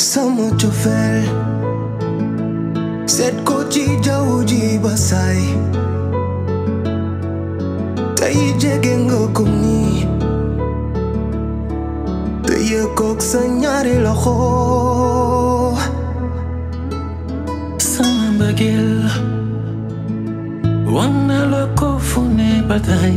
sama cofeel seet ko ci jaww ji ba saay tey jege nga ko nii te yëkkoog sa ñaari loxo sama mbëggeel wan na la ko fu ba tey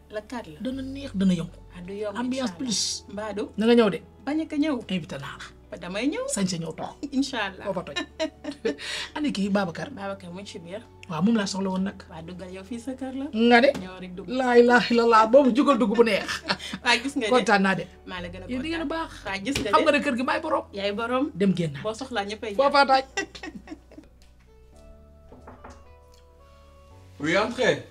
la quatre la dana neex dana yomb. Ah, du plus. mbaadu ñëw de. ba a ñëw invité naa ñëw sañ sa ñëw toog. incha allah foofa toj. ani kii Babacar. Babacar mu laa soxla woon nag. waaw sa kër la. nga de ñëw rek dugg laa boobu jugal dugg bu neex. waa gis nga de naa de. maa la a kontaan a nga de kër gi maay borom. yaay borom dem génn boo soxlaa ñëppay foofa toj. oui entrez.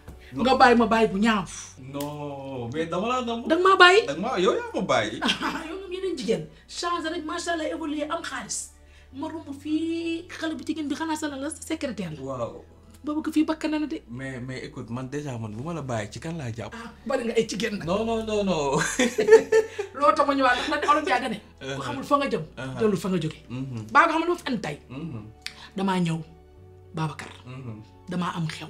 nga bàyyi ma bàyyi bu ñaaw. non mais dama la nga maa bàyyi da yaa ma bàyyi. yow moom yeneen jigéen changé rek macha allah évolué am xaalis ma romb fii xale bu jigéen bi xanaa sa la la secrétaire la. waaw boobu ko fii bakk na de. mais mais écoute man déjà man bu ma la bàyyi ci kan laa jàpp. ah bari nga ay jigéen nag. non non non non. loolu tax ma ñëwaat ndax nag olof jaay da ne. ku xamul fa nga jëm. Uh-huh. dellu fa nga jóge. Mm-hmm. baa nga xamul ma fi andi tey. Mm-hmm. damaa ñëw Babacar. Mm-hmm. damaa am xew.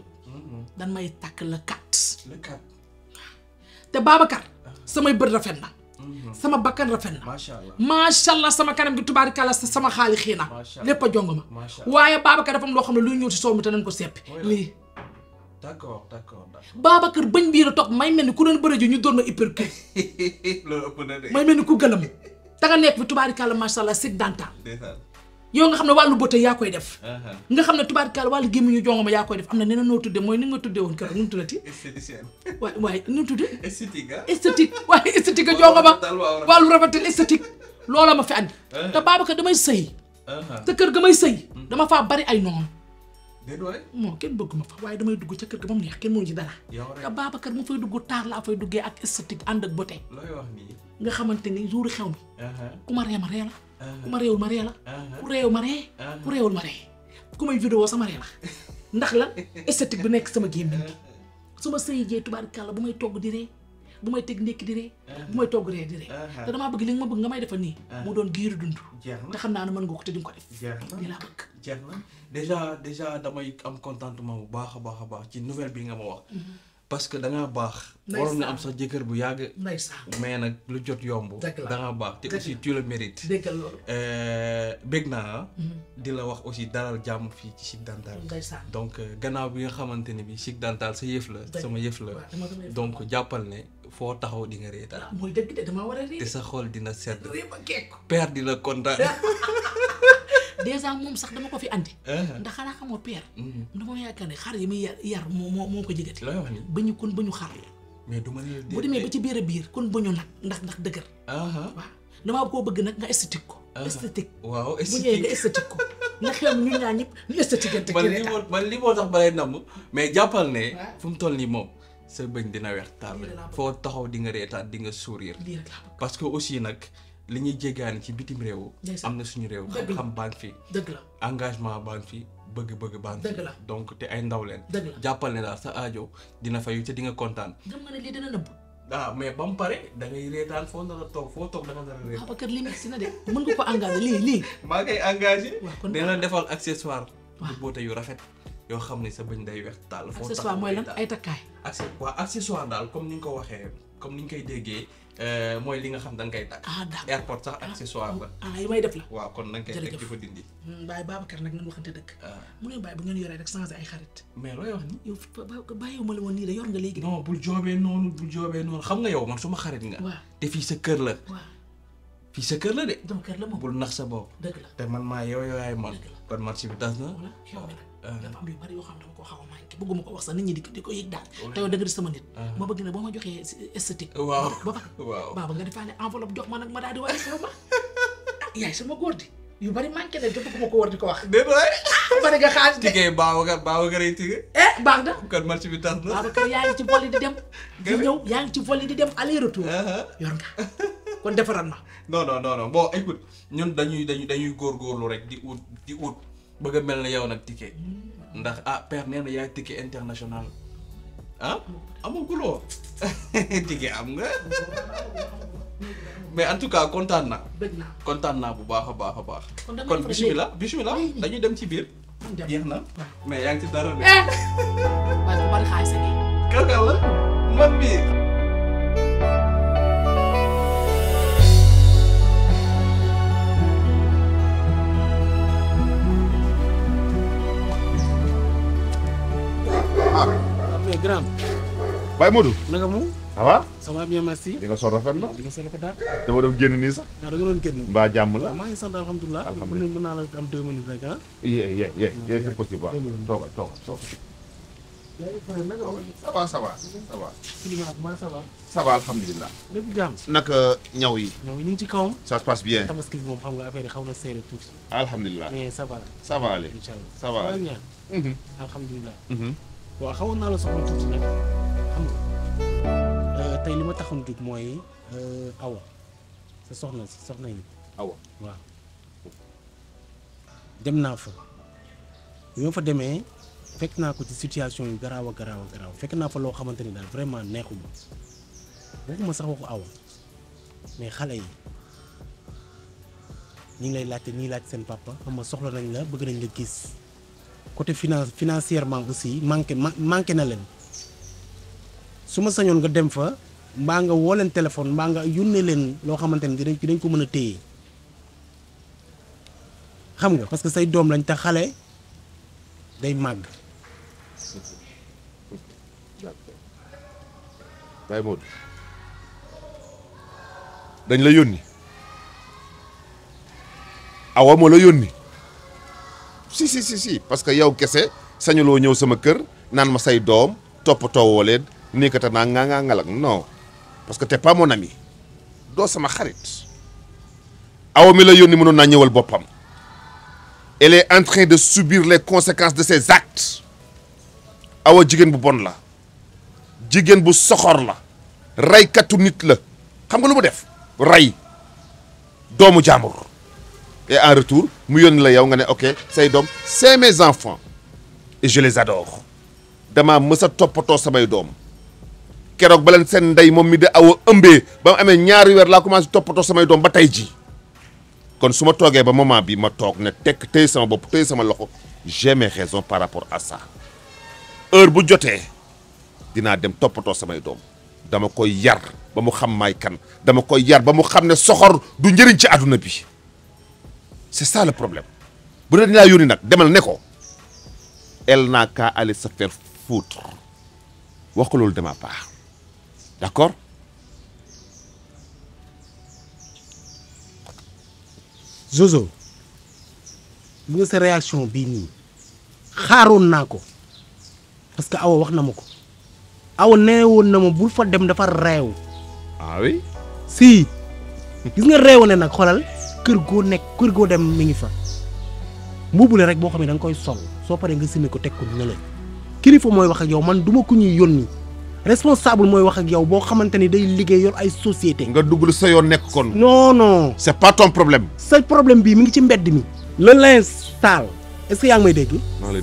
dan may takk le 4. le 4 te Babacar samay bët rafet na. Mhm. sama bakkan rafet na. macha allah macha allah sama kanam gi tubaarikàlla sama xaali xii na. lépp a jong ma. waaye Babacar dafa am loo xam ne luy ñëw ci soow mi te nañ ko seppi lii. d' accord d' accord Babacar bañ bii la topp may mel ni ku doon bëre ji ñu doon ma hypercule. loolu may mel ni ku gëlëm. danga nekk fi tubaarikàlla macha allah sig dantaan. yow nga xam ne wàllu bëtë yaa koy def uh-huh. nga xam ne tubaarkaal wàllu gémmiñu jongo ma yaa koy def am na neneen noo tudde mooy ni nga tudde woon keroog nu mu tuddati esthéticienne waay waaye nu mu tudde esthétique ah. esthétique waaye esthétique a jongo ma wàllu rafetal esthétique uh-huh. loola ma fi andi uh-huh. te Babacar damay sëy te kër ga may sëy mm. dama faa bari ay noonu moo kenn bëgg ma fa waaye damay dugg ca kër ga moom neex kenn moo ci dara te Babacar mu fay dugg taar laa fay duggee ak esthétique ànd ak bëte nga xamante ni jouri xew mi ku ma réewul ma ree la ku réew ma ree ku réewul may vidéo sama ree la ndax la esthétique bi nekk sama gémmiñ bi su ma sëy jee tubaarkàlla bu may togg di ree bu may teg ndékki di ree bu may togg ree di ree uh-huh. te damaa bëgg li ma bëgg nga may defal nii uh-huh. mu doon giiru dund te xam naa ne man nga ko te dinga ko def li laa bëgg jeex déjà damay am contentement bu baax a baax a baax ci nouvelle bi nga ma wax mm-hmm. parce que da ngaa baax. waroon nga am sax jëkkër bu yàgg. mais nag lu jot yomb. da baax te aussi tu le mérites. dëgg euh, bég naa. Ah. Mhm. di la wax aussi dalal jàmm fii ci Chic Dental. donc euh, gannaaw bi nga xamante ne bi Chic Dental sa yëf la. sama yëf la donc jàppal ne foo taxaw di nga ah, a te sa xol dina sedd. père di la dèjà moom sax dama ko fi andi. Eh. ndax xanaa xamoo père. Mm. dama yaakaar ne xar yi muy yar moo moo moo ko jigati. looy wax ni ba ñu kon ba ñu xar. mais du ma leen demee ba ci biir a biir kon ba ñu nag ndax ndax dëgër. waaw damaa koo bëgg nag nga esthétique ko. esthétique waaw esthétique bu nga esthétique ko. ndax yow ñun ñaa ñëpp ñu esthétique gën. man li moo man li moo tax balay namm mais jàppal ne. fu mu toll nii moom. sa bëñ dina weex taal. foo taxaw di nga reetaan di nga sourire. parce que aussi nag li ñuy jéggaani ci bitim réew. am na suñu réew. xam-xam fi. dëgg la engagement baa ngi fi bëgg-bëgg baa ngi fi. donc te ay ndaw leen. dëgg la jàppal ne daal sa ajo dina fayu te di nga kontaan. gëm nga ne lii ah, mais ba mu da ngay reetaan foo nar a toog foo toog da a reetaan. Ah, Babacar li metti na nga ko engagé lii lii. maa ngi koy engagé. waaw kon defal accessoire. waaw boote yu rafet. yoo xam ne sa bëñ day weex taal. foo tax accessoire mooy lan ay takkaay. accessoire daal comme ni ñu ko waxee comme ni ñu koy déggee Euh, mooy li nga xam dañ koy takk. ah d'accord airport sax ah. accessoire la. ah yi may def la. waaw kon nañ koy teg di fa dindi. Hmm, Baye Babacar nag nañ waxante dëkk. Ah. mu ne Baye bu ngeen yoree rek changé ay xarit. mais looy wax nii. yow bàyyiwuma la woon nii nga yow man suma xarit nga. te fii sa la. fii sa la de. bul nax sa bopp. te man maa yow yaay man. dëgg la kon bi tas na. dafa am yu bari yoo xam ne dama ko xaw a manqué bëgguma ko wax sax nit ñi di ko di ko yëg daal te yow da nga di sama nit ma bëgg ne boo ma joxee esthétique waaw ba waaw baaba nga defaale enveloppe jox ma nag ma daal di waaye xew ma ah yaay sama góor di yu bari manqué ne te bëgguma ko war di ko wax dé ah, bari nga xaalis de tigee baaw nga baaw nga rey tigee eh baax na kon marché bi tax na Babacar yaa ngi ci vol di dem di ñëw yaa ngi ci vol di dem aller retour yor nga kon defaral ma non non non non bon écoute ñun dañuy dañuy dañuy góorgóorlu rek di ut di ut bëgg mel na yow nag ticket ndax ah père nee na yaay ticket international ah amaguloo ticket am nga mais en tout cas kontaan na kontaan naa bu baax a baax a baax kon bismillah bismillah dañuy dem ci biir jeex na mais yaa ngi ci dara de man eh. xaalis grand. Baye Modou. naka mu. ça va. ça bien merci. di nga sol rafet na. di nga sol rafet daal. dama doon génn nii sax. waaw da nga génn. mbaa jàmm la maa ngi sant alhamdulilah. alhamdulilah mën naa la am deux minutes rek ah. yee yee yee c'est jàmm. naka ñaw yi. ñaw yi ñu ngi ci kawam. ça se passe bien. tabaski bi moom xam nga affaire yi xaw na seere tuuti. alhamdulilah mais eh, ça va. waaw xawoon naa la soxla tuuti nag xam nga euh, tey li ma taxoon jóg mooy euh, awa sa soxna si soxna yi. awa waaw. dem naa fa bi ma fa demee fekk naa ko ci situation yu garaaw a garaaw a garaaw fekk naa fa loo xamante ni daal vraiment neexuma waxuma sax waxu awa mais xale yi ñi ngi lay laajte nii laaj seen papa xam nga soxla nañ la bëgg nañ la gis. côté finance financièrement aussi manqué manqué na leen su ma sañoon nga dem fa mbaa nga woo leen téléphone mbaa nga yónnee leen loo xamante ni dinañ dinañ ko mën a téye xam nga parce que say doom lañ te xale day màgg. Baye dañ la yónni awa moo la yónni. si si si si parce que yow kese sañuloo ñëw sama kër naan ma say doom toppatoo woo leen nii naa ngaa ngaa ngalak non parce que te pas mon ami doo sama xarit aw mi la yónni mënoon naa ñëwal boppam elle est en train de subir les conséquences de ses actes awa jigéen bu bon la jigéen bu soxoor la reykatu nit la xam nga lu mu def ray doomu jaamur et en retour mu yónni la yow nga ne ok say doom c'est mes enfants et je les adore damaa mës a toppatoo samay doom keroog ba leen seen ndey moom mi di aw a ëmbee ba mu amee ñaari weer laa commencé toppatoo samay doom ba tey ji kon su ma toogee ba moment bi ma toog ne tekk tëye sama bopp tëye sama loxo j'ai mes par rapport à ça heure bu jotee dinaa dem toppatoo samay doom dama koy yar ba mu xam maay kan dama koy yar ba mu xam ne soxor du njëriñ ci àdduna bi c'est ça le problème bu dee laa yónni nag demal ne ko elle naa ka aller se faire foutre wax loolu demaa ma part d'accord Jojo mu nga sa réaction bii nii xaaroon naa ko parce que awa wax na ma ko awa nee woon na ma bul fa dem dafa reew ah gis nga reew ne nag xoolal kër goo nekk kër goo dem mi ngi fa mbuubu la rek boo xam ne danga koy sol soo paree nga simmi ko teg ko nële kilifa mooy wax ak yow man duma ku ñuy yónni responsable mooy wax ak yow boo xamante ni day liggéey yor ay société nga dugg sa yoon nekk kon. non no c'est pas ton problème. sa problème bii mi ngi ci mbedd mi. le linge sale est-ce yaa ngi may dégg.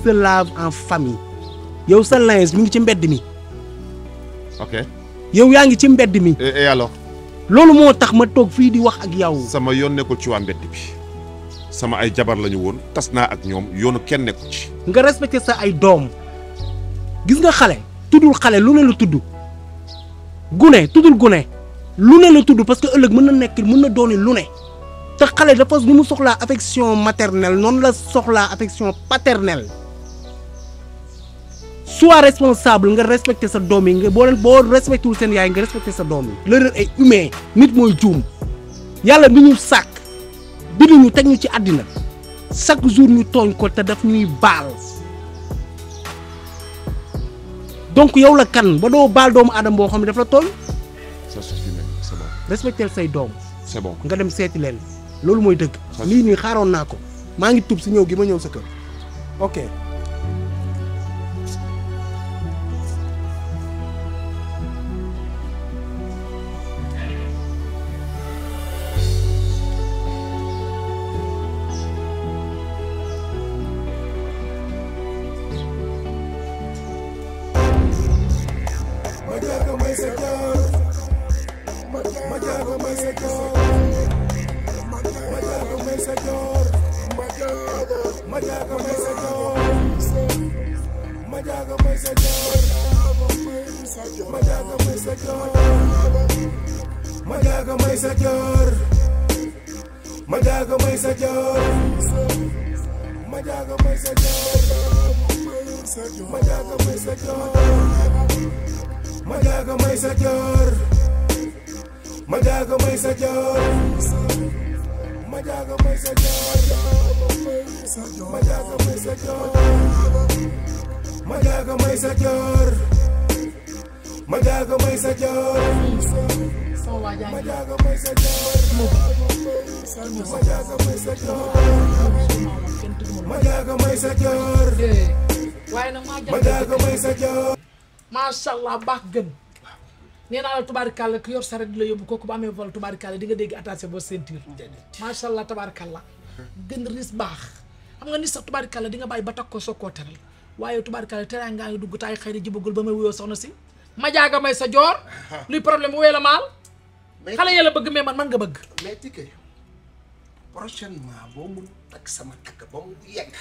se lave en famille. yow sa linge mu ngi ci mbedd mi. ok. yaa ngi ci mbedd mi. loolu moo tax ma toog fii di wax ak yow. sama yoon nekkul ci waa mbedd bi sama ay jabar lañu woon tas naa ak ñoom yoonu kenn nekkul ci. nga respecté sa ay doom gis nga xale tuddul xale lu ne la tudd gune tuddul gune lu ne la tudd parce que ëllëg mën na nekk mën na dooni lu ne te xale dafa nu mu soxlaa affection maternelle noonu la soxlaa affection paternel sois responsable nga respecté sa doom yi nga boo leen boo respecté wul seen yaay nga respecté sa doom yi. la leen ay humain nit mooy juum yàlla mi ñu sàkk binduñu teg ñu ci àddina chaque jour ñu tooñ ko te daf ñuy baal donc yow la kan ba doo baal doomu aadama boo xam ne daf la tooñ. ça suffit say doom. c'est bon nga dem seeti leen loolu mooy dëgg. lii nii xaaroon naa ko maa ngi tub si ñëw gi ma ñëw sa kër sa joor ma jaaga may sa joor ma jaaga may sa joor ma jaaga may sa joor ma jaaga may sa joor ma jaaga may sa joor ma jaaga may sa joor ma jaaga may sa joor ma jaaga may sa joor ma jaaga may sa joor sama waa sa ngi macha allah baax gën nee naa la tubaarkàlla ku yor saret la yóbbu kooku bu amee vol tubaarkàlla di nga dégg attaché ba ceinture macha allah la gën ris baax xam nga ni sax tubaarkàlla di nga bàyyi ba takk ko soog koo teral waaye tubaarkàlla teraa ngaa ngi dugg taay xëy na jibagul ba may wuyoo soxna si ma jaaga may sa joor luy problème wee la maal xale yàlla bëgg mais man man nga bëgg. mais Tické prochainement boo mun takk sama tagg ba mu yegg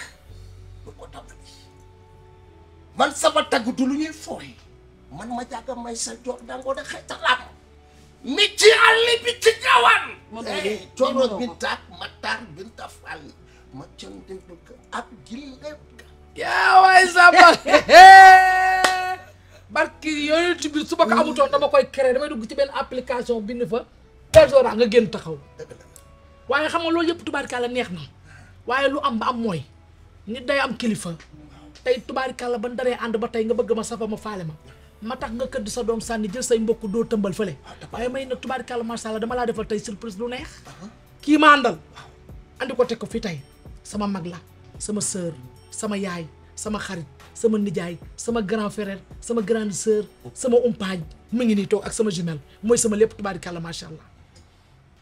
ko tabati man sama tagg du lu ñuy fooy man ma jàgga may sa joor dangoo da xay talaam mi ci àlli bi ci gawan coro bintaak matar binta fall ma con déglu ko ab gilleem ka yaa waay samba barki yooyu ci biir suba ko amutoon dama koy créer damay dugg ci benn application bind fa Pelzora nga génn taxaw waaye xam nga loolu yëpp tubaarkàlla neex na waaye lu am ba am mooy nit day am kilifa tey tubaarkàlla ba daree ànd ba tey nga bëgg ma safa ma faale ma ma tax nga këdd sa doom sànni jël say mbokk doo tëmbal fële ah, waaye may na tubaarkàlla macha allah dama laa defal tey surprise lu neex kii ma àndal andi ko teg ko fi tey sama mag la sama sœur sama yaay sama xarit sama nijaay sama grand frère sama grande sœur sama umpaañ ma ngi nii ak sama jumelle mooy sama lépp tubaarikàlla macha allah.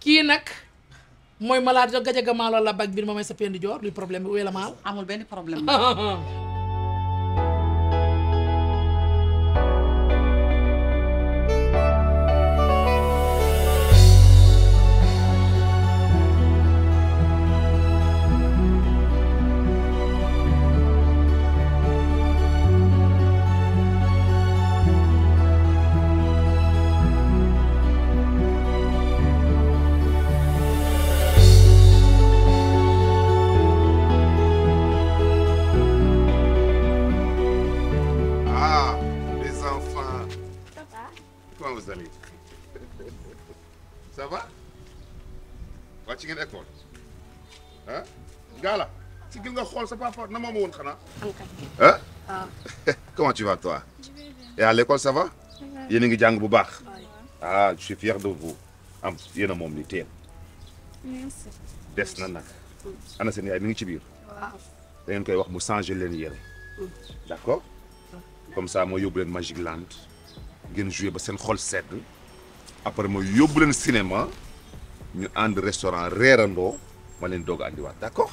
kii nag mooy malaat jo ga maalo la bag bi ma may sa pendi joor luy problème bi wéy la maal amul benn problème non c'est pas fort na ma won xanaa. am kay. ah comment tu vas yéen a ngi jàng bu baax. ah je suis fier de am yéen moom li teel. des na nag. Mm. ana seen yaay mi ngi ci biir. waaw. ngeen koy wax mu changer leen yére. Mm. d'accord mm. comme sa moo yóbbu leen Magic Land ngeen joué ba seen xol sedd. après ma yóbbu leen cinéma ñu ànd restaurant reerandoo ma leen doog a andiwaat d'accord.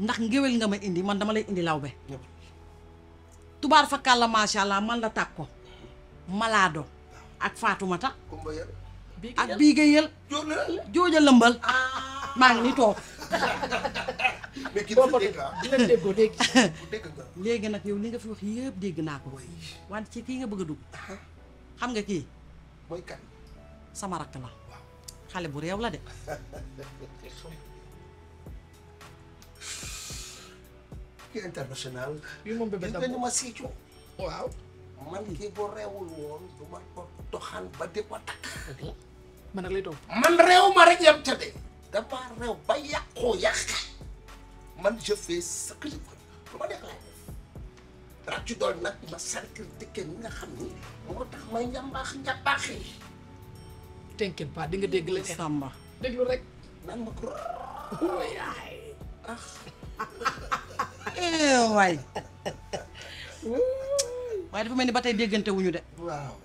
ndax ngéwél nga ma indi man dama lay indi lawbe tubaar fakkaal la macha allah man la tàkko malaado ak faatumata ak bii ga yël jooja lëmbal ah. maa ngi ni toog ah? léegi nag yow li nga fi wax yëpp dégg naa ko wante ci kii nga bëgg a dugg ah. xam nga kii mooy kan sama rakk la xale bu réew la de ci international. bii ma siicu. man kii boo reewul woon du ma ko ba di ko man nag lay toog. man réew ma rek yam ca de. dafa ba yàqoo yàq man je fais ce lu ma neex laay def doon nag ma cercle dikkee nga xam ni moo tax may njàmbaax njàmbaax yi. t'inquiète pas di nga dégg la Samba déglu rek. naan ma ko. ah. Eh, waay waaye dafa mel ni ba tey déggantewuñu wuñu de.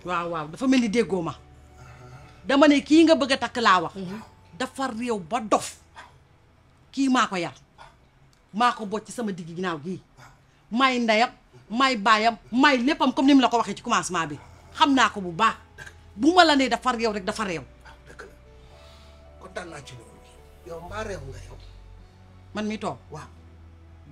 waaw waaw dafa mel ni déggoo ma. dama ne kii nga bëgg a takk laa wax. Mm-hmm. dafa réew ba dof kii maa ko yar maa ko bocc ci sama digg ginnaaw gii may ndeyam may baayam may léppam comme ni mu la ko waxee ci commencement bi xam naa ko bu baax bu ma la nee dafa réew rek dafa réew. Ah, kontaan man mi toog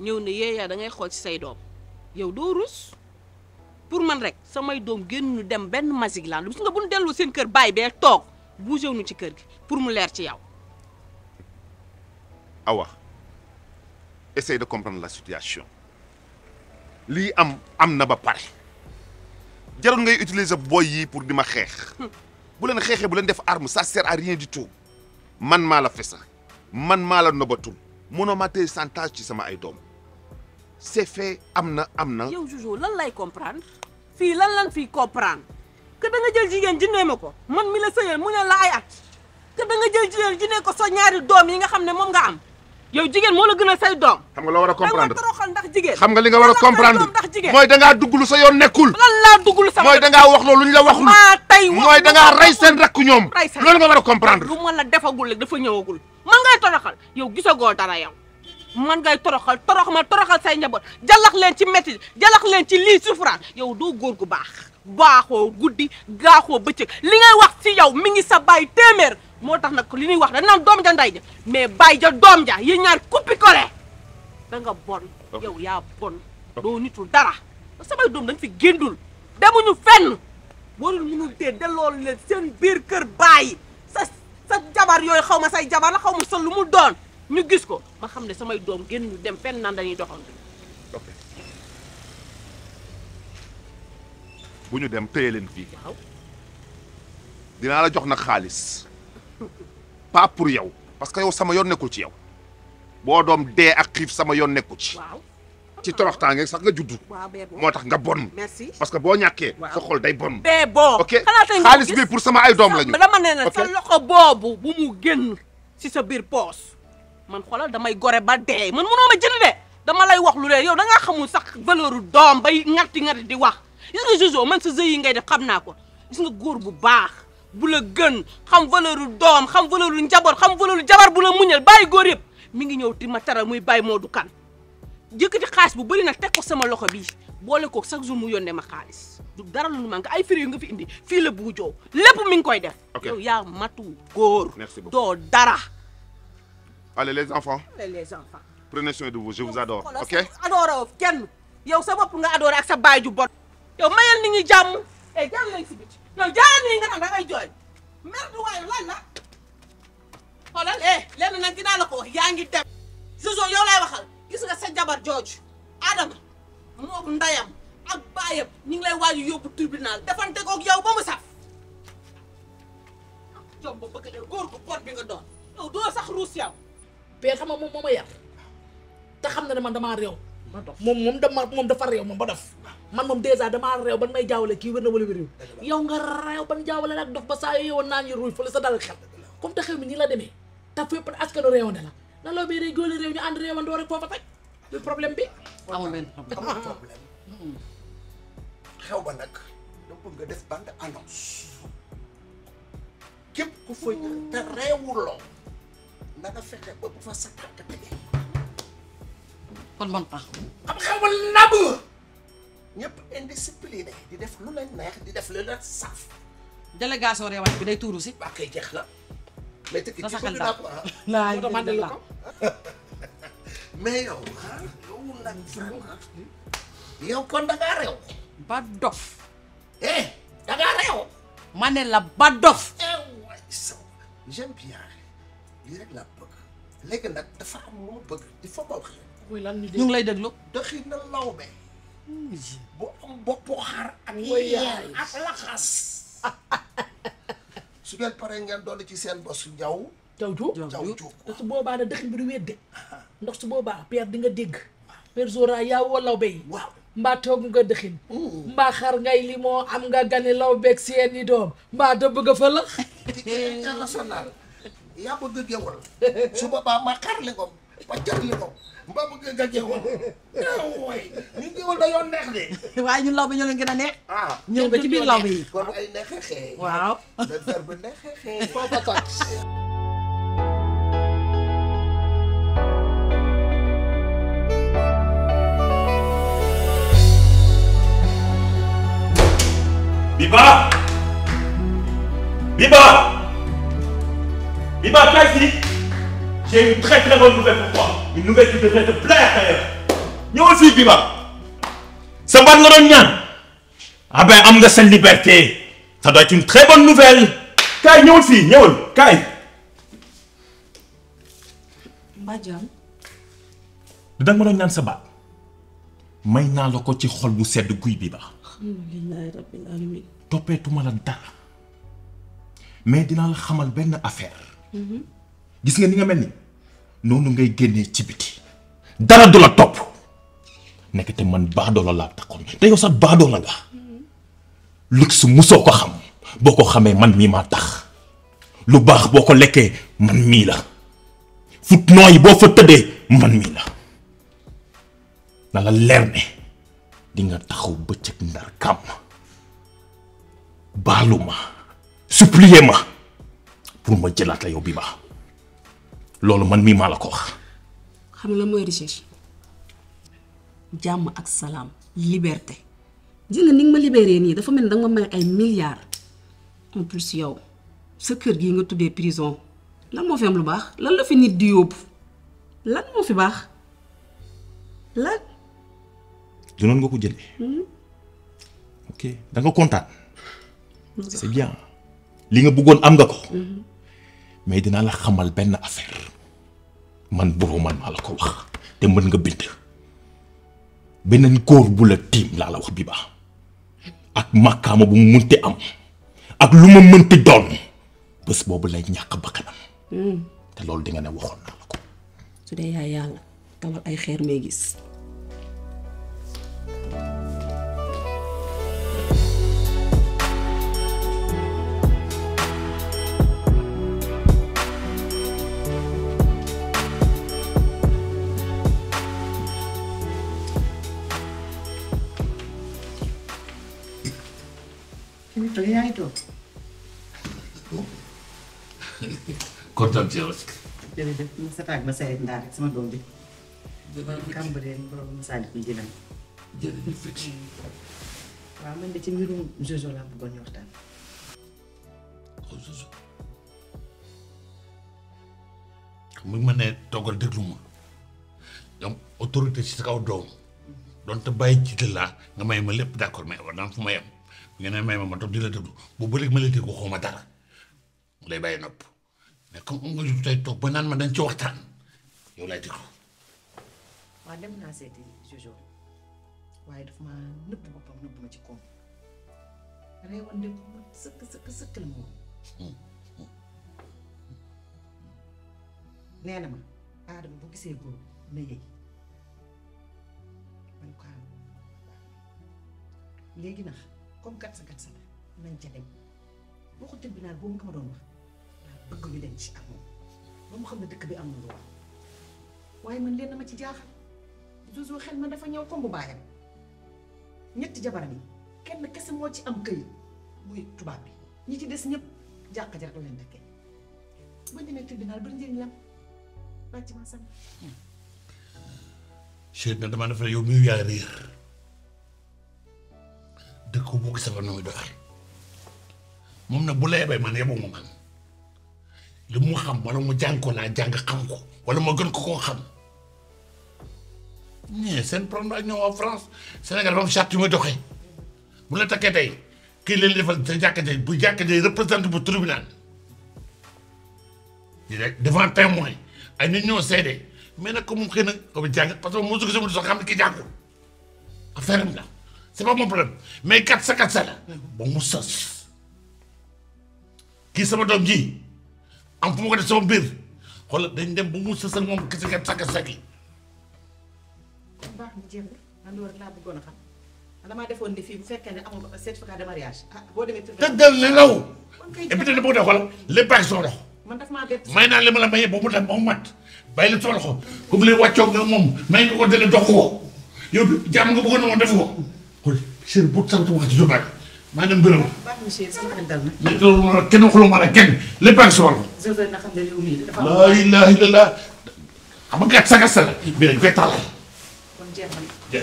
ñëw ne yeeyaa da ngay xool ci say doom yow doo rus pour man rek samay doom génn ñu dem benn masig laan bis nga bu ñu delloo seen kër baay bee toog bougé ñu ci kër gi pour mu leer ci yow. awa essaye de comprendre la situation lii am am na ba pare jarul ngay utiliser boy yii pour di ma xeex. bu leen xeexee bu leen def arme ça sert à rien du man maa la fesa man maa la nobatul mënoo ma téye chantage ci sama ay doom. se fait am na am na. yow Jojo lan lay comprendre fii lan lan fii comprendre que da jël jigéen ji ma ko man mi la sëyal mu ne la ay at que da nga jël jigéen ji ne ko sa ñaari doom yi nga xam ne moom nga am yow jigéen moo la gën a say doom. xam nga loo war a comprendre da nga toroxal ndax jigéen. xam nga li nga war a comprendre mooy da ngaa dugg lu sa yoon nekkul. lan laa dugg lu sama mooy da wax loolu lu ñu la waxul. maa tey wax mooy da ngaa rey seen rakk ñoom. rey seen loolu nga war a comprendre. lu ma la defagul rek dafa ñëwagul man ngay toroxal yow gisagoo dara yow man ngay toroxal torox ma toroxal say njaboot jalax leen ci métti jalax leen ci lii souffrance yow doo góor gu baax baaxoo guddi gaaxoo bëccëg li ngay wax ci yow mi ngi sa baay téeméer moo tax nag li ñuy wax dañ naan doom ja nday ja mais baay ja doom ja yi ñaar kuppi ko da nga bon yow yaa bon doo nitul dara samay doom dañ fi géndul demuñu fenn warul mënul tee delloo leen seen biir kër baay sa sa jabar yooyu xaw ma say jabar la xaw ma sa lu mu doon ñu gis ko ma xam ne samay doom génn dem fenn naan dañuy doxantu. ok bu ñu dem téye leen fi waaw dinaa la jox nag xaalis pas pour yow parce que yow sama yoon nekkul ci yow boo doom dee ak xiif sama yoon nekkul ci. waaw ci toroxtaange sax nga juddu. moo tax nga bon. merci parce que boo ñàkkee. sa xol day bon. bee boo ok xaalis bi pour sama ay doom lañu. ok dama ne la sa loxo boobu bu mu génn ci sa biir poos. man xoolal damay gore ba dee man mënoo ma jënd de dama lay wax lu leen yow da ngaa xamul sax valeur doom bay ngati ngati di wax yore Jojo man sa jëy yi ngay def xam naa ko gis nga góor bu baax bu la gën xam valeur doom xam valeur njaboot xam valeur jabar bu la muñal bàyyi góor yëpp mi ngi ñëw ti ma taral muy moo du kan Kane yëkkati xaalis bu bëri nag teg ko sama loxo bii boole ko chaque jour mu yónnee ma xaalis du dara lu nu manqué ay firi yu nga fi indi fii la buujoo lépp mi ngi koy def. yow yaa matu góor. doo dara. allez les enfants. allez les enfants. prenez soin de vous je vous adore. ok adooroo kenn yow sa bopp nga adoore ak sa baay ju bon. yow mayal nit ñi jàmm. eh jàmm nañ si biti. yow jaarale nit ñi nga naan da ngay jooy. merde waayu lan la. xoolal eh lenn nag dinaa la ko yaa ngi dem. Jojo yow lay waxal gis nga sa jabar jooj Adama moom ndayam ak baayam ñu ngi lay waaju yóbbu tribunal defante koog yow ba mu saf. jom ba bëgg de gu pot bi doon. yow doo sax ruus père xam nga moom moo te xam na ne man damaa réew moom moom moom dafa réew moom ba dof man moom dèjà damaa réew ban may jaawale kii wér na wala wériw yow nga réew ban jaawale nag dof ba saa yo yowoon naa ñu ruuj fa la sa dal xel comme te xew mi nii la demee te fépp askanu réewande la la loo bee day góoli problème bi amul benn hmm. xew ba nag dama bëgg nga def bande annonce képp ku fa te réewuloo na nga fexe ba bu fa kon man ñëpp indiscipliné di def lu leen neex di def lu leen saf. délégation reewaay bi day tuuru si. waa jeex na. mais tëkk ci bëgg naa ko ah. laay dëgg la mais yow ah yow yow kon da ngaa ba dof. eh da ngaa la ba dof. eh waay lii rek laa bëgg léegi nag dafa am lu bëgg il faut ma wax lan ngi lay déglu. doxi na lawbe. bu am boppu xar ak. yaay ak laxas. su ngeen paree ngeen dolli ci seen bos njaw jaw ju jaw ju te su boobaa na dëxin bi du wedde ndax su boobaa père di nga dégg. père Zora yaa woo lawbe yi. waaw mbaa toog nga dëxin. mbaa xar ngay limoo am nga gane lawbeeg seen i doom mbaa dëbb nga fa lax. yaa bëgg a géwal su boobaa ma xarle ko ma jërli ko mbaa bëgg a géwal ah, waay ñu géwal neex de waaye ñun law bi ñoo leen gën a neex ah ñëw ci biir law bi yi kon ay neexeexee waaw da fer bu neexeexee Iba Kazi, j'ai une très très bonne nouvelle pour toi. Une nouvelle qui devrait te plaire d'ailleurs. ñëwal fii Biba sa baat nga doon ñaan ah ben am nga sa liberté ça doit être une très bonne nouvelle kaay ñëwal fii ñëwal kaay. Mbadiane. da nga ma doon ñaan sa baat may naa la ko ci xol bu sedd guy Biba. alhamdulilah rabbil alamin mais dinaa la xamal benn affaire. gis nga ni nga mel ni noonu ngay génnee ci biti dara du la topp nekk te man baadoola laa takkoon te yow sax baadoola nga luxe ko xam ko xamee man mii maa tax lu baax boo ko lekkee man mii la fut nooy boo fa tëddee man mii la nga taxaw bëccëg ndar kàmm baalu ma supplier ma pour ma jëlaat la yow bi baax loolu man mii maa la ko wax. xam nga lan mooy recherche jàmm ak salaam liberté gis nga ma libéré nii dafa mel ni danga ma may ay milliards en yow sa kër gii nga tuddee prison lan moo fi lu baax lan la fi nit di yóbbu lan moo fi baax lan. du noonu nga ko jëlee. Hmm? ok kontaan. c'est bien li nga bëggoon am nga ko. Hmm. mais dinaa la xamal benn affaire man boobu man maa la ko wax te mën nga bind beneen góor bu la tiim laa la wax bi baax ak màkkaama bu mu munti am ak lu ma mënti doon bés boobu lay ñàkk bakkanam hmm. te loolu di nga ne waxoon naa la ko su dee yaay yàlla tawal ay xeer may gis に取れないと。kontaan ci yow. jërëjëf Moussa Tall ma Seye Ndare sama doom bi. jërëjëf kàmb leen borom Masaalikul Jinaan. jërëjëf Fekki. waaw man laa nga ma ne toggal déglu ma. donc autorité ci sa kaw doom. donte bàyyi jiite laa nga may ma lépp d'accord mais war naa fu ma yem. nga ne may ma ma di la déglu bu bëri ma la déglu xaw a dara mu lay bàyyi nopp mais comme on nga tey ba naan ma dañ ci waxtaan yow lay déglu. waaw dem naa seeti Jojo waaye daf ma nëbb boppam nëbb ma ci ko ma sëkk sëkk sëkk moom. Hmm, hmm. nee ma Adama bu gisee góor na yëy léegi nag. comme gatsa gatsa la nañ ca dem ko tribunal boobu nga ma doon wax laa bëgg ñu dem ci ak moom mu xam ne dëkk bi am na waaye man leen na ma ci jaaxal Jojo xel na dafa ñëw comme bu baayam ñetti jabaram yi kenn kese moo ci am këyit muy tubaab bi ñi ci des ñëpp jàq ja la leen dëkkee ba ñu demee tribunal ba njëriñ la wàcc ma sam. Chérif nag damaa ne fa yow mi ngi réer. dëkk bu gis nga nu muy doxee moom nag bu la yebee man yebu ma man li mu xam wala mu jàng ko laa jàng xam ko wala ma gën ko koo xam mais seen problème ak ñoom waa France Sénégal dafa am charte yu muy doxee bu la takkee tey kii leen defal sa jàkka bu jàkka jay représenté bu tribunal di rek devant témoin ñoo seede mais nag comme xëy na que moo su mu sax xam ne kii jàngul am la. c'est pas mon problème mais kat sa kat sa la ba mu sas kii sama doom ji am fu ma ko def sama mbir xoolal dañ dem ba mu sas ak moom kese kat sa kat gi. baax na jéem a man loolu laa bëggoon a xam defoon ne fii bu fekkee ne amoo certificat de mariage ah, boo demee. tëddal ne law et puis dañu a xoolal les pages dox. man daf maa bett naa li ma la mayee ba mu dem ba mu mat bàyyi la tool ko comme li wàccoog nga moom may nga ko dele dox ko yow jàmm nga bëggoon na woon def ko. Chérif bu sant wax ci Jokalante maa dem gërëm. mais loolu moom la kenn waxuloo ma la kenn lépp a ngi sobal ko. laa ilaaha illallaah xam nga gàtt sa gàtt sa la. mais dañ koy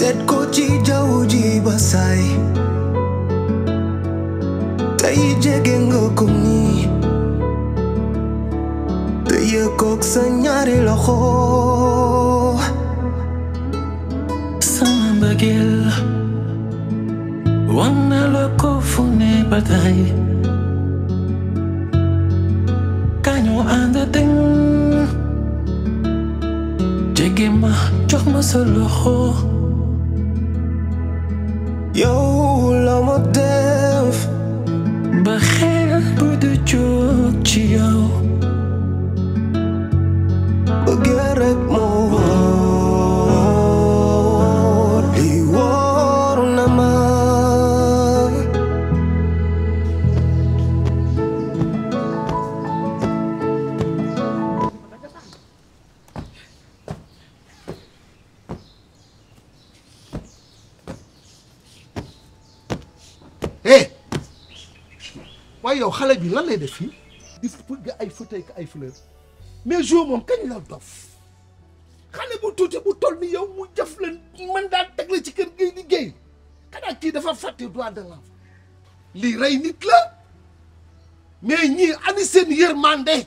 seet ko ci jaww ji ba saay tey jege nga ko nii te yëkkoog sa ñaari loxo sama mbëggeel la ko fu ne ba tey kañu ànd teng jege ma jox ma sa yow la ma def ba xel bu du jóg ci yow bi lan lay def fii di fëgg ay fauteuil ak ay fleur mais jo moom kañ la dof xale bu tuuti bu toll ni yow mu jëf la man daal teg la ci kër gi liggéey xanaa kii dafa fàtte droit de l'enfant lii rey nit la mais ñii ani seen yërmande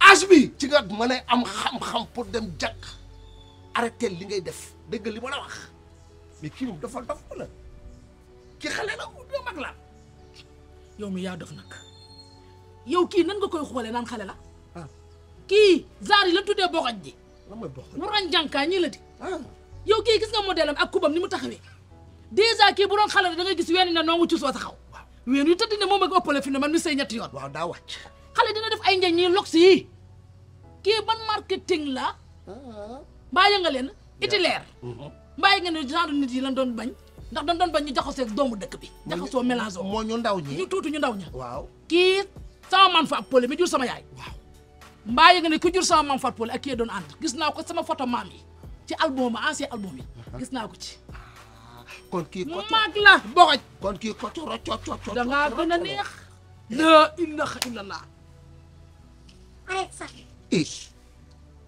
âge bi ci nga mën a am xam-xam pour dem jàkk arrêté li ngay def dégg li ma la wax mais kii moom dafa dof la ki xale la mu mag la yow mi yaa dof nag yow kii nan nga koy xoolee naan xale la ah. kii zaar yi la tuddee boxoj ji a roñ jànkaa ñii la di ah. yow kii gis nga modèle am ak kubam ni mu taxawee dèjà kii bu doon xale la da nga gis ween ne noongu ci soo taxaw xaw yu tëdd ne moom ak ëppale fi ne man mi say ñetti yoon waaw daa wàcc xale dina def ay njañ ñii lox yi kii ban marketing la mbaa ah. yënga leen leer mbaa mm-hmm. nga ne genre nit yi lan doon bañ ndax dañ doon bañ ñu jaxasoo ak doomu dëkk bi jaxasoo mélange moo ñu ndaw ñi ñu tuuti ñu ndaw ña waaw kii sama man fa ak pole mi jur sama yaay waaw mbaa yëg ne ku jur sama maam fa ak pole ak kii doon ànd gis naa ko sama photo maam yi ci album ancien album uh-huh. gis naa ko ci ah, kon kii ko maag la boxoj kon kii ko coro dangaa gën a neex la ilaha illallah arrête sax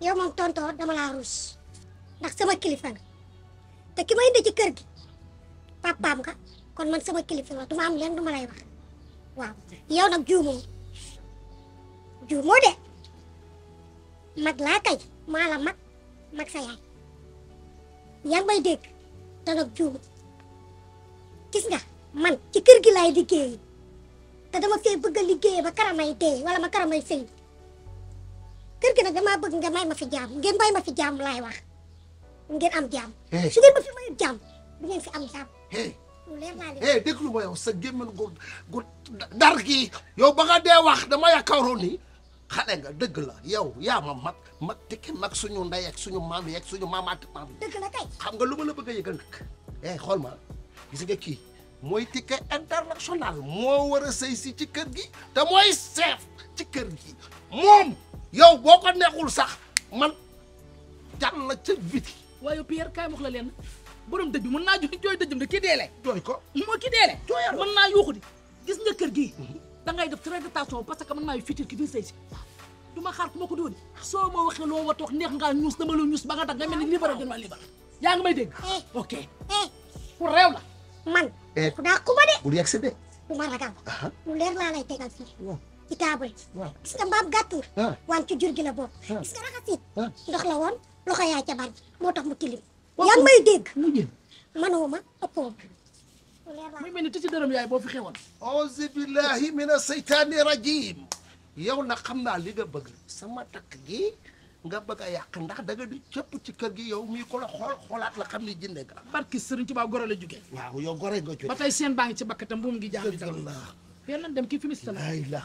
yow moom tonto dama laa ruus ndax sama kilifa te ki ma indi kër gi papaam nga kon man sama kilif la du ma am leen du ma lay wax waaw yow nag juumoo juumoo de mag laa kay maa la mag mag sa yaay yaa may dégg te nag juumu gis man ci kër gi laay te dama fee bëgg a liggéey ba karamay dee wala ma karamay sëy kër gi nag damaa bëgg nga may ma fi jaam ngeen may ma fi jaam laay wax ngeen am jaam eh. su ma fi may jaam du ngeen fi am jaam hey. lu leer déglu ma yow sa gémmiñ gu gu dar gi yow ba nga dee wax dama yaakaaroon ni xale nga dëgg la yow yaa ma mag mag dikki mag suñu ndey suñu maam yeeg suñu maamaati maam. dëgg la kay. xam nga lu ma la bëgg a yëgal nag. eh xool ma gis nga kii mooy ticket international moo war a sëy si ci kër gi te mooy chef ci kër gi moom yow boo ko neexul sax man jàll la ca biti. waaye Pierre kaay wax la leen. borom dëj bi mën naa jooy jooy dëjëm de kii deele jooy ko moo kii deele jooyal mën naa yuuxu di gis nga kër gii mhm. da ngay def traitation parce que mën naa yu fitir ki biir sëy du ma xaar ku ma ko doon soo ma waxee loo wa toox neex nga ñuus dama la ñuus ba nga tax nga mel ni libéré gën ma libéré yaa ngi may dégg eh, ok pour eh, eh. réew la man daa ku ma de bul yegg si de bu ma ragal lu leer laa lay tegal fii ci table gis nga mbaam gàttul ah. waan ci jur gi la bokk ah. gis nga raxasit ah. ndox la moo tax mu tilim yaa ngi may dégg. manoo ma ëppoo muy mel ni tëj dërëm yaay boo woon fi xewoon. auzu billahi mina seytaani rajim yow na xam naa li nga bëgg sama takk gi nga bëgg a yàq ndax danga di cëpp ci kër gi yow mii ko la xool xoolaat la xam ni jënde nga. barki ci Touba Goro la jógee. waaw yow Goro nga jógee. ba tey seen baa ngi ci bakkatam buum gi jaaxle. dëgg la yéen lan dem kii fi mu si la.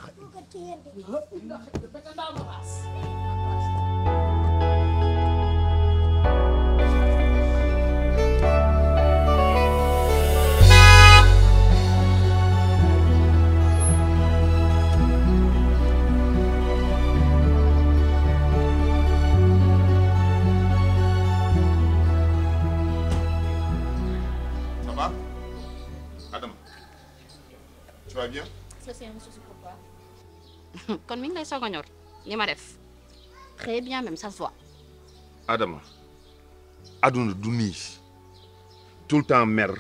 kon mi ngi lay soog ñor ma def très bien même ça se voit. Adama aduna du nii tout le temps mer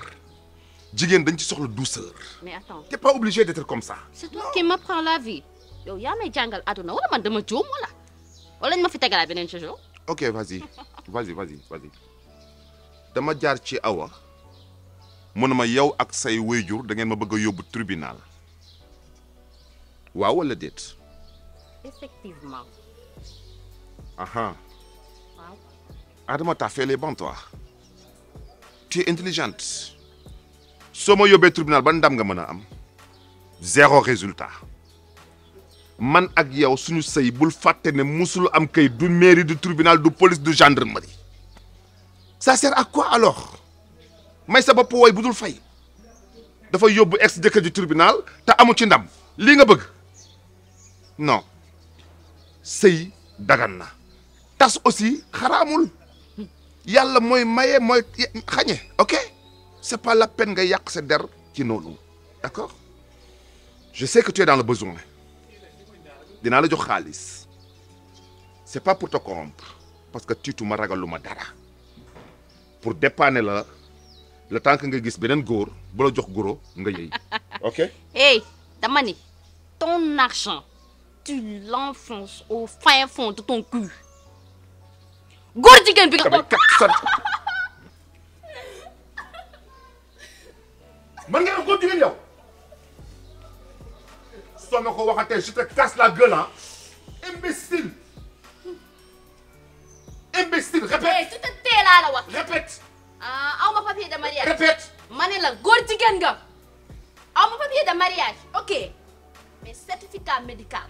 jigéen dañ ci soxla douceur. mais attends t'es pas obligé d'être comme ça. c'est toi qui m'apprends la vie yow yaa may jàngal aduna walla man dama juum wala wala ñu ma fi tegalaat beneen chose. ok vas-y vas-y dama jaar ci awa mun ma yow ak say wayjur da ngeen ma bëgg a yóbbu tribunal waaw wala déet. Effectivement. Ah ah. Adama, t'as fait les intelligente. soo ma yóbbee tribunal ban ndam nga mën a am zéro résultat man ak yow suñu sëy bul fàtte ne musul am kay du mairie du tribunal du police du gendre ça sert à quoi alors may sa bopp wooy bu dul fay dafa yóbbu ex jëkkër ji tribunal te amu ci ndam lii nga bëgg non sëy daggan na tas aussi xaraamul yàlla mooy maye mooy xañe ok c'est pas la peine nga yàq sa der ci noonu d'accord je sais que tu es dans le besoin dinaa la jox xaalis c'est pas pour te corrompre parce que tiitu ma ragal lu ma dara pour dépanner la le tànk nga gis beneen góor bu la jox goro nga yëy ok. hey dama tu l'enfonces au fin fond de ton cul. góor jigéen bi nga. man nga góor jigéen yow. soo ma ko waxatee je te casse la gueule ah. imbécile. imbécile répète. su eh, te tee laa la wax. répète. ah aw ma de mariage. répète. ma ne la góor jigéen nga. aw ma papier de mariage ok mais certificat médical.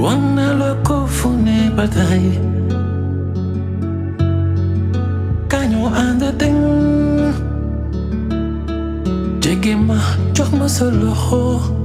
Wana lokofune batay Kañu ànd deng Jege ma jox ma sa loxo